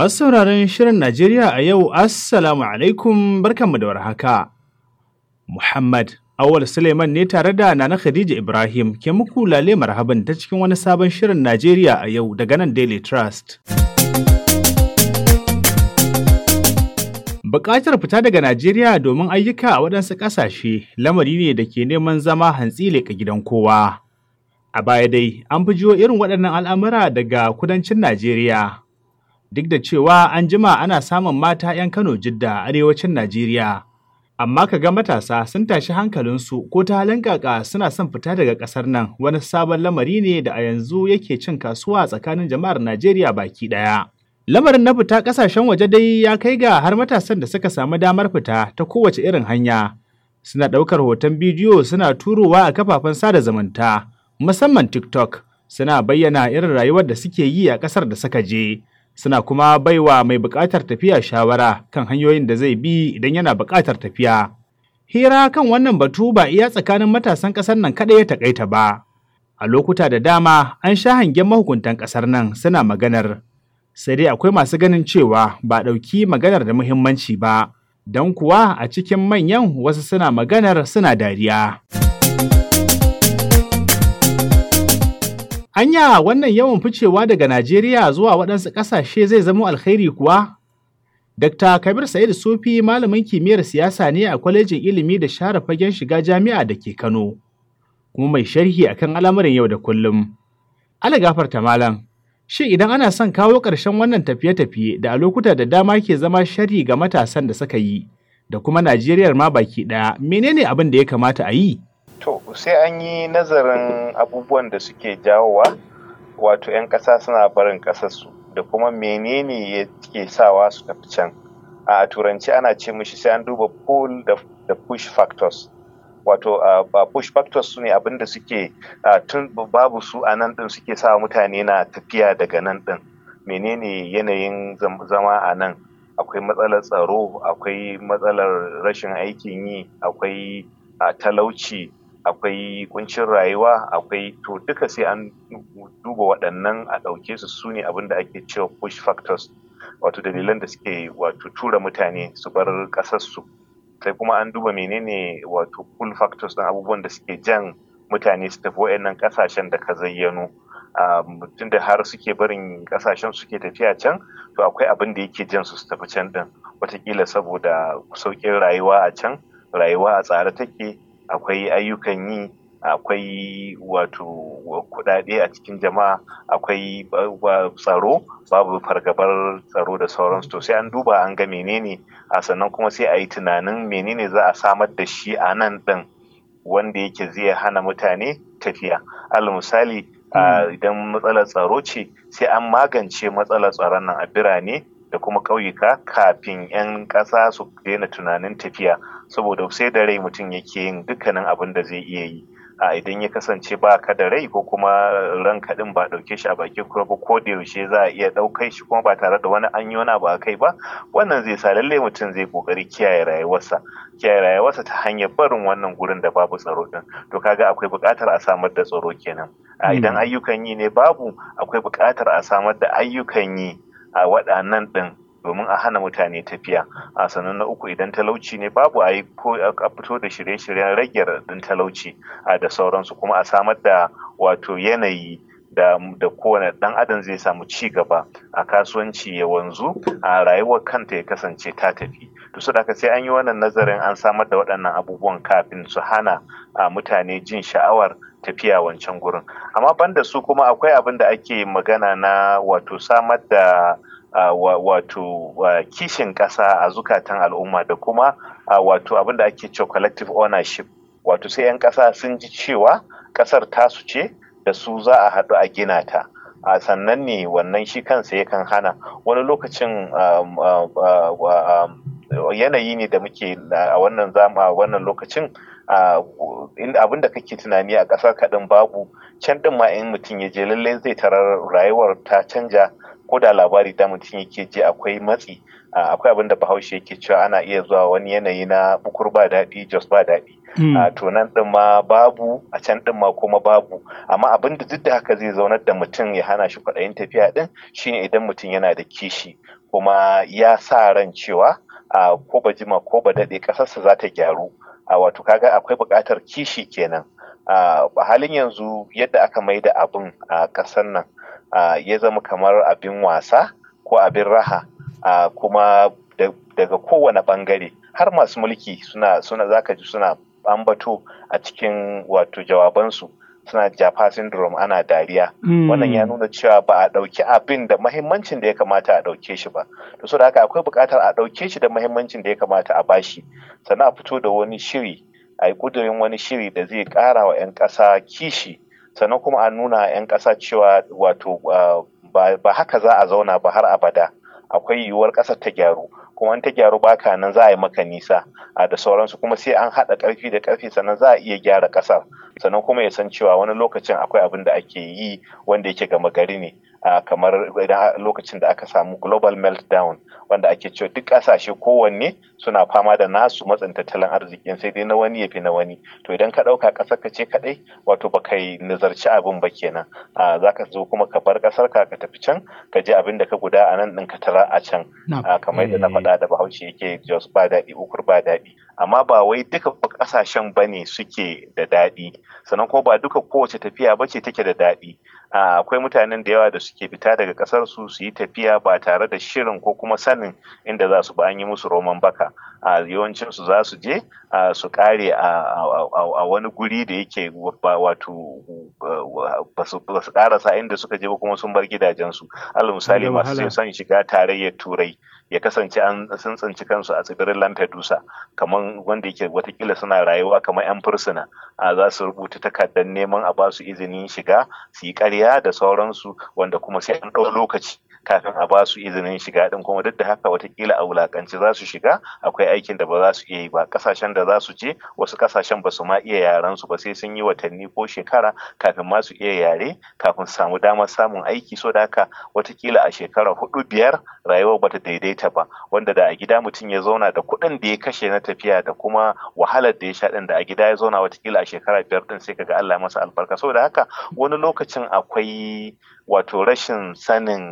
Masu sauraron Shirin Najeriya a yau, Assalamu alaikum barkanmu da warhaka. Muhammad Awal Suleiman ne tare da Nana Khadija Ibrahim ke muku lale marhaban ta cikin wani sabon Shirin Najeriya a yau daga nan Daily Trust. Bukatar fita daga Najeriya domin ayyuka a waɗansu ƙasashe lamari ne da ke neman zama hantsi leƙa gidan kowa. A baya dai, an fi jiwo irin waɗannan al'amura daga kudancin Najeriya. duk da cewa an jima ana samun mata 'yan Kano Jidda arewacin Najeriya. Amma ka ga matasa sun tashi hankalinsu ko ta halin kaka suna son fita daga ƙasar nan wani sabon lamari ne da a yanzu yake cin kasuwa tsakanin jama'ar Najeriya baki ɗaya. Lamarin na fita ƙasashen waje dai ya kai ga har matasan da suka samu damar fita ta kowace irin hanya. Suna ɗaukar hoton bidiyo suna turowa a kafafen sada zumunta, musamman TikTok, suna bayyana irin rayuwar da suke yi a ƙasar da suka je. suna kuma baiwa mai buƙatar tafiya shawara kan hanyoyin da zai bi idan yana buƙatar tafiya. Hira kan wannan batu ba iya tsakanin matasan ƙasar nan kaɗai ya taƙaita ba. A lokuta da dama an sha hangen mahukuntan ƙasar nan suna maganar. Sai dai akwai masu ganin cewa ba ɗauki maganar da muhimmanci ba, don kuwa a cikin manyan wasu suna maganar suna dariya. Anya wannan yawan ficewa daga Najeriya zuwa waɗansu ƙasashe zai zama alkhairi kuwa? Dr. Kabir Sa'id Sufi malamin kimiyyar siyasa ne a kwalejin ilimi da share fagen shiga jami'a da ke Kano, kuma mai sharhi akan alamarin yau da kullum. Ala gafarta malam, shi idan ana son kawo ƙarshen wannan tafiye-tafiye da a lokuta da dama ke zama sharhi ga matasan da suka yi, da kuma Najeriyar ma baki ɗaya, menene abin da ya kamata a yi? to sai an yi nazarin abubuwan da suke jawowa wato 'yan ƙasa suna barin ƙasarsu da kuma menene ya ke sawa su tafi can a turanci ana ce mishi sai an duba pull da push factors wato uh, push factors su ne abinda suke tun babu su a nan din suke sa mutane na tafiya daga nan din menene yanayin zama a nan akwai matsalar tsaro akwai matsalar rashin aikin yi akwai uh, talauci akwai kuncin rayuwa akwai to duka sai an duba waɗannan a ɗauke su su ne abin da ake cewa push factors wato dalilan da suke wato tura mutane su bar ƙasarsu sai kuma an duba menene wato pull factors na abubuwan da suke jan mutane su tafi waɗannan ƙasashen da ka zayyano mutum da har suke barin ƙasashen suke tafiya can to akwai abin da yake jan su su tafi can din watakila saboda sauƙin rayuwa a can rayuwa a tsare take akwai ayyukan yi akwai wato kudade a cikin jama'a akwai tsaro babu fargabar tsaro da sauransu to sai an duba an ga menene a sannan kuma sai ayi tunanin menene za a samar da shi a nan ɗin wanda yake zai hana mutane tafiya al misali hmm. idan matsalar tsaro ce sai an magance matsalar tsaron nan a birane da kuma ƙauyuka kafin 'yan ƙasa su daina tunanin tafiya saboda sai da rai mutum yake yin dukkanin abin da zai iya yi a idan ya kasance ba ka da rai ko kuma ran kaɗin ba ɗauke shi a bakin kura ba ko da yaushe za a iya ɗaukai shi kuma ba tare da wani an yi wani abu a kai ba wannan zai sa lalle mutum zai ƙoƙari kiyaye rayuwarsa kiyaye rayuwarsa ta hanyar barin wannan gurin da babu tsaro ɗin to kaga akwai buƙatar a samar da tsaro kenan a idan hmm. ayyukan yi ne babu akwai buƙatar a samar da ayyukan yi a waɗannan ɗin domin a hana mutane tafiya a sannan na uku idan talauci ne babu a yi ko a fito da shirye-shiryen rage raɗin talauci a da sauransu kuma a samar da wato yanayi da da kowane ɗan adam zai samu ci gaba a kasuwanci ya wanzu a rayuwar kanta ya kasance ta tafi to su sai an yi wannan nazarin an samar da waɗannan abubuwan kafin su hana a mutane jin sha'awar tafiya wancan gurin amma banda su kuma akwai abin da ake magana na wato samar da wato kishin ƙasa a zukatan al'umma da kuma wato abin da ake cewa collective ownership wato sai 'yan ƙasa sun ji cewa ƙasar tasu ce da su za a haɗu a gina ta a sannan ne wannan shi kansa yakan hana wani lokacin yanayi ne da muke a wannan zama wannan lokacin abin da kake tunani a ƙasar kaɗin babu can ɗin ma in mutum ya je lallai zai tarar rayuwar ta canja ko da labari da mutum yake ji akwai matsi akwai abin da bahaushe yake cewa ana iya zuwa wani yanayi na bukur ba daɗi jos ba daɗi hmm. a to nan ɗin ma babu a can ɗin ma kuma babu amma abin da duk da haka zai zaunar da mutum ya hana shi kwaɗayin tafiya ɗin shine idan mutum yana da kishi kuma ya sa ran cewa ko ba jima ko ba daɗe ƙasarsa za ta gyaru a wato kaga akwai buƙatar kishi kenan a halin yanzu yadda aka mai da abin a kasar nan ya zama kamar abin wasa ko abin raha kuma daga kowane bangare har masu mulki suna suna zaka ji suna ambato a cikin wato jawabansu suna japa syndrome ana dariya mm. wannan ya nuna cewa ba a ɗauki abin da mahimmancin da ya kamata a ɗauke shi ba to saboda haka akwai buƙatar a ɗauke shi da mahimmancin da ya kamata a bashi sannan a fito da wani shiri a yi ƙudurin wani shiri da zai ƙara wa 'yan ƙasa kishi sannan kuma a nuna 'yan ƙasa cewa wato ba haka za a zauna ba har abada akwai yiwuwar ƙasar ta gyaru kuma in ta gyaru baka nan za a yi maka nisa a da sauransu kuma sai an haɗa ƙarfi da ƙarfi sannan za a iya gyara ƙasar sannan kuma ya san cewa wani lokacin akwai abin da ake yi wanda yake gama gari ne Ah, kamar lokacin da aka samu global meltdown wanda ake cewa duk kasashe kowanne suna fama da nasu matsin tattalin arzikin sai dai na wani ya fi na wani to idan ka ɗauka ƙasar ka ce kaɗai wato ba nazarci abin ba kenan ah, za ka zo kuma ka bar ƙasar ka ka tafi can ka je abin da ka guda a nan ɗin ka tara a can ah, kamar yadda na faɗa da bahaushe yake jos ba daɗi ukur ba daɗi amma ba wai duka kasashen ba ne suke da daɗi sannan ko ba duka kowace tafiya ba ce take da daɗi akwai mutanen da yawa da suke fita daga ƙasar su su yi tafiya ba tare da shirin ko kuma sanin inda za su ba an yi musu roman baka a yawancin su za su je su kare a wani guri da yake wato ba su karasa inda suka je ba kuma sun bar gidajensu alal misali masu son shiga tarayyar turai ya kasance an tsantsanci kansu a tsibirin lampedusa kamar wanda yake watakila suna rayuwa kamar 'yan fursuna a za su rubuta takardar neman a ba su izinin shiga su yi karya da sauransu wanda kuma sai an ɗau lokaci kafin a basu izinin shiga din kuma duk da haka watakila a wulakanci za su shiga akwai aikin da ba za su iya yi ba kasashen da za su je wasu kasashen ba su ma iya yaran su ba sai sun yi watanni ko shekara kafin ma su iya yare kafin su samu damar samun aiki so da haka watakila a shekara hudu biyar rayuwar bata daidaita ba wanda da a gida mutum ya zauna da kuɗin da ya kashe na tafiya da kuma wahalar da ya sha din da a gida ya zauna watakila a shekara biyar din sai kaga Allah masa albarka So da haka wani lokacin akwai wato rashin sanin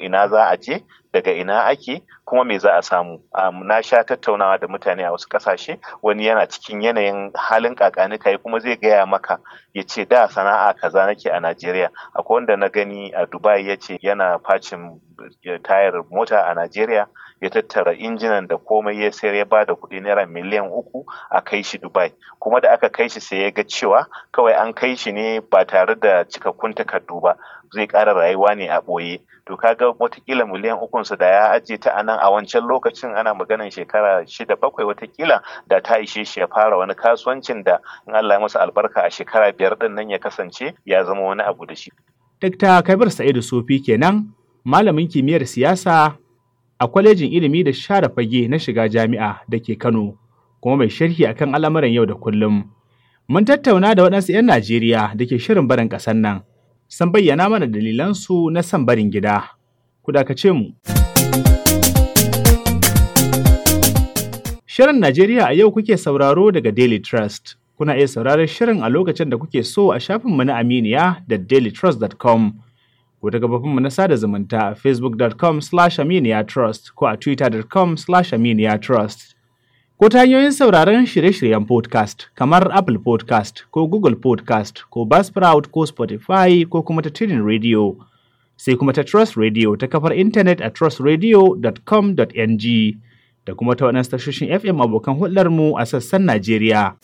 ina za a je daga ina ake kuma me za a samu na sha tattaunawa da mutane a wasu kasashe wani yana cikin yanayin halin kakani kai kuma zai gaya maka ya ce da sana'a kaza nake a najeriya akwai wanda na gani a dubai ya ce yana facin tayar mota a najeriya ya tattara injinan da komai ya sayar ya bada kuɗi naira miliyan uku a kai shi dubai kuma da aka kai shi sai ya ga cewa kawai an kai shi ne ba tare da cikakkun takardu ba zai ƙara rayuwa ne a ɓoye to kaga watakila miliyan ukun su da ya ajiye ta anan a wancan lokacin ana maganan shekara shida bakwai watakila da ta ishe shi ya fara wani kasuwancin da in Allah ya masa albarka a shekara biyar din nan ya kasance ya zama wani abu da shi. Dr. Kabir Sa'idu Sofi kenan malamin kimiyyar siyasa a kwalejin ilimi da share fage na shiga jami'a da ke Kano kuma mai sharhi akan al'amuran yau da kullum. Mun tattauna da waɗansu 'yan Najeriya da ke shirin barin ƙasar nan, sun bayyana mana dalilansu na son barin gida. ku dakace mu. Shirin Najeriya a yau kuke sauraro daga Daily Trust. Kuna iya sauraron shirin a lokacin da kuke so a shafinmu na Aminiya da dailytrust.com wata ta gabafinmu na sada zumunta a facebook.com slash aminiyatrust ko a twitter.com slash aminiyatrust. Ko ta hanyoyin sauraron shirye-shiryen podcast kamar Apple podcast ko Google podcast ko Buzzsprout ko Spotify ko kuma ta tunin rediyo. sai kuma ta Trust Radio ta kafar intanet a trustradio.com.ng da kuma ta waɗansu tashoshin FM abokan hulɗarmu a sassan Najeriya.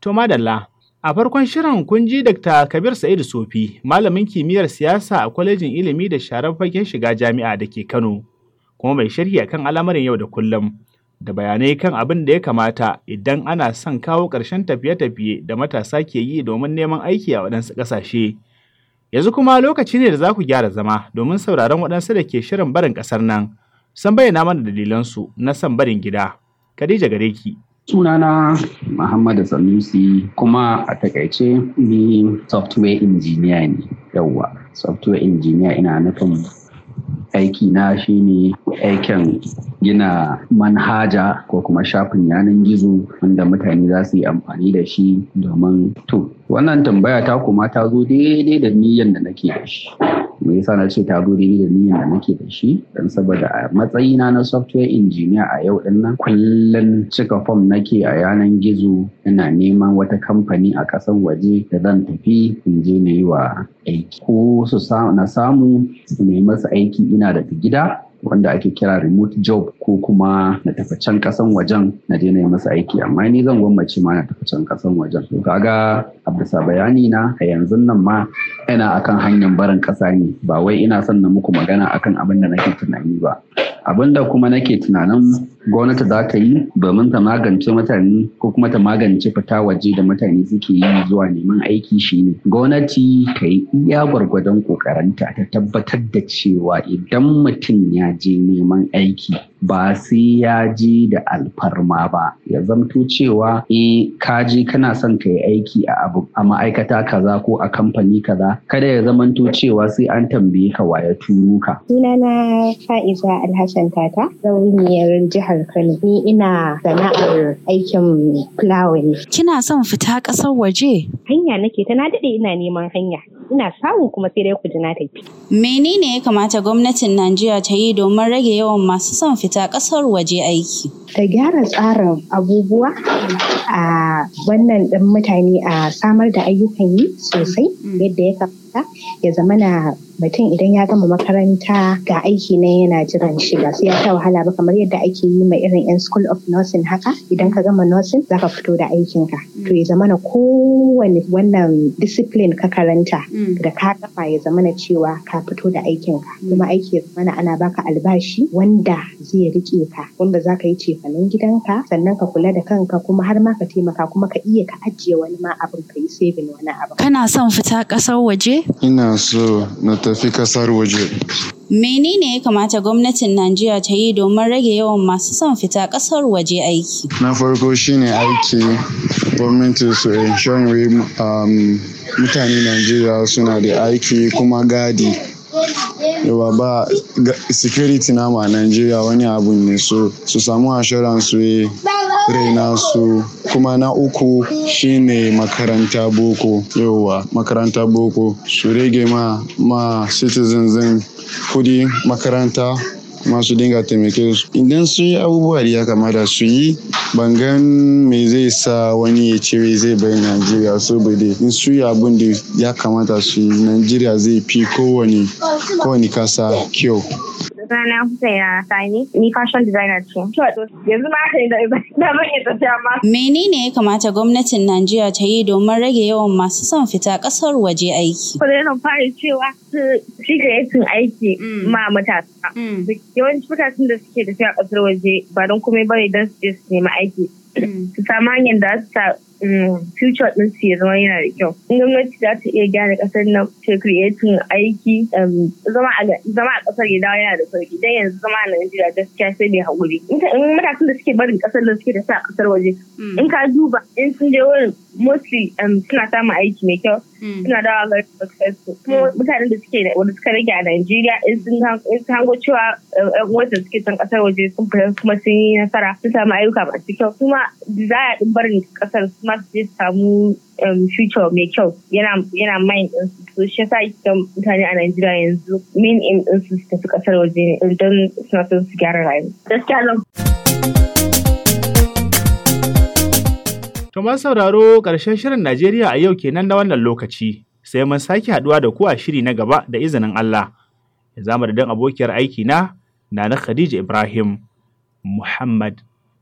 To madalla, a farkon shirin kun ji Dr. Kabir Sa'idu Sofi, malamin kimiyyar siyasa a kwalejin ilimi da sharar fagen shiga jami'a da ke Kano, kuma mai sharhi akan al'amarin yau da kullum. da bayanai kan abin da ya kamata idan ana son kawo ƙarshen tafiye-tafiye da matasa ke yi domin neman aiki a waɗansu ƙasashe. Yanzu kuma lokaci ne da za ku gyara zama domin sauraron waɗansu da ke shirin barin ƙasar nan. Sun bayyana mana dalilansu na son barin gida. Khadija gare ki. sunana Muhammadu Sanusi kuma a takaice ni software engineer ne yauwa software engineer ina nufin aiki na shine aikin gina manhaja ko kuma shafin yanan gizo wanda mutane za su yi amfani da shi domin to wannan tambaya ta kuma ta zo daidai da niyyar da nake da shi me yasa na ce ta zo daidai da niyyar da nake da shi dan saboda a matsayina na software engineer a yau din nan kullun cika form nake a yanan gizo ina neman wata kamfani a kasan waje da zan tafi in je na yi wa aiki ko su na samu su nemi su aiki ina daga gida wanda ake kira remote job ko kuma na tafi can kasan wajen na daina yi masa aiki amma ni zan gwammace ma na tafi can kasan wajen to kaga abdusa bayani na a yanzu nan ma ina akan hanyar barin kasa ne ba wai ina son na muku magana akan abin da nake tunani ba abinda kuma nake tunanin gwamnati za ta yi domin ta magance mutane ko kuma ta magance fita waje da mutane suke yi zuwa neman aiki shine gwamnati ta yi iya gwargwadon kokarinta ta tabbatar da cewa idan mutum ya je neman aiki ba sai ya ji da alfarma ba ya zamto cewa eh ka je kana son ka yi aiki a abu a ma'aikata kaza ko a kamfani kaza kada ya zamanto cewa sai an tambaye ka wa ya turo ka sunana fa'iza alhassan tata zauniyar jihar kano ni ina sana'ar aikin fulawani kina son fita ƙasar waje hanya nake ta na daɗe ina neman hanya ina samu kuma sai dai ku ji na tafi. Menene ya kamata gwamnatin Najeriya ta yi domin rage yawan masu son fita ƙasar waje aiki? Ta gyara tsarin abubuwa a wannan ɗin mutane a samar da ayyukan yi sosai mm. yadda ya kamata. makaranta ya zama na mutum idan ya gama makaranta ga aiki na yana jiran shi ba sai ya ta wahala ba kamar yadda ake yi ma irin yan school of nursing haka idan ka gama nursing za ka fito da aikin ka to ya zama na kowane wannan discipline ka karanta mm. da ka kafa ya zama na cewa ka fito da aikin ka mm. kuma aiki ya zama ana baka albashi wanda zai rike ka wanda ka yi cefanen gidanka sannan ka kula da kanka kuma har ma ka taimaka kuma ka iya ka ajiye wani ma abin ka yi saving wani abin kana son fita ƙasar waje Ina so na tafi ƙasar waje. Menene ya kamata gwamnatin Najeriya ta yi domin rage yawan masu son fita ƙasar waje aiki? Na farko shine aiki gwamnati su ensuring um, mutane Najeriya suna da aiki kuma gadi. Yawa ba security na ma Najeriya wani abu ne so su samu assurance su raina su kuma na uku shine makaranta boko yauwa makaranta boko su rage ma ma citizens din kudi makaranta masu dinga taimake su idan sun yi abubuwa da ya kamata su yi bangan me zai sa wani ya ce zai bai najeriya saboda in su yi abin da ya kamata su yi najeriya zai fi kowane kasa kyau Rana Husaina Sani, ni fashion designer ce. da Menene ya kamata gwamnatin Najeriya ta yi domin rage yawan masu son fita ƙasar waje aiki? Kuma yana fara cewa su shigayetin aiki mm. ma matasa. Mm. yawancin matasan da suke a ƙasar waje ba don kuma bane don su je su aiki. Mm. Su samu hanyar da su Mm, future ɗinsu ya zama yana da kyau. Gwamnati za ta iya gyara ƙasar nan ta creating aiki um, zama a ƙasar ya dawo yana da sauki idan yanzu zama a Najeriya gaskiya sai mai haƙuri. In matasan da suke barin ƙasar nan suke da sa ƙasar waje. Mm. In ka duba in sun je wurin mostly um, suna samun aiki mai kyau mm. suna dawo ga successful. Kuma mutanen da suke wanda suka rage a Najeriya in sun hango cewa um, ƴan uwansa suke son ƙasar waje sun fita kuma sun yi nasara sun samu ayyuka masu kyau. Kuma desire ɗin barin ƙasar kuma su samu um, future mai kyau yana yana ɗinsu din su so shi yasa mutane a Najeriya yanzu main aim din su tafi kasar waje don suna son su gyara rayuwa gaskiya sauraro ƙarshen shirin Najeriya a yau kenan na wannan lokaci, sai mun sake haɗuwa da ku a shiri na gaba da izinin Allah. zama da don abokiyar aiki na, na Khadija Ibrahim Muhammad.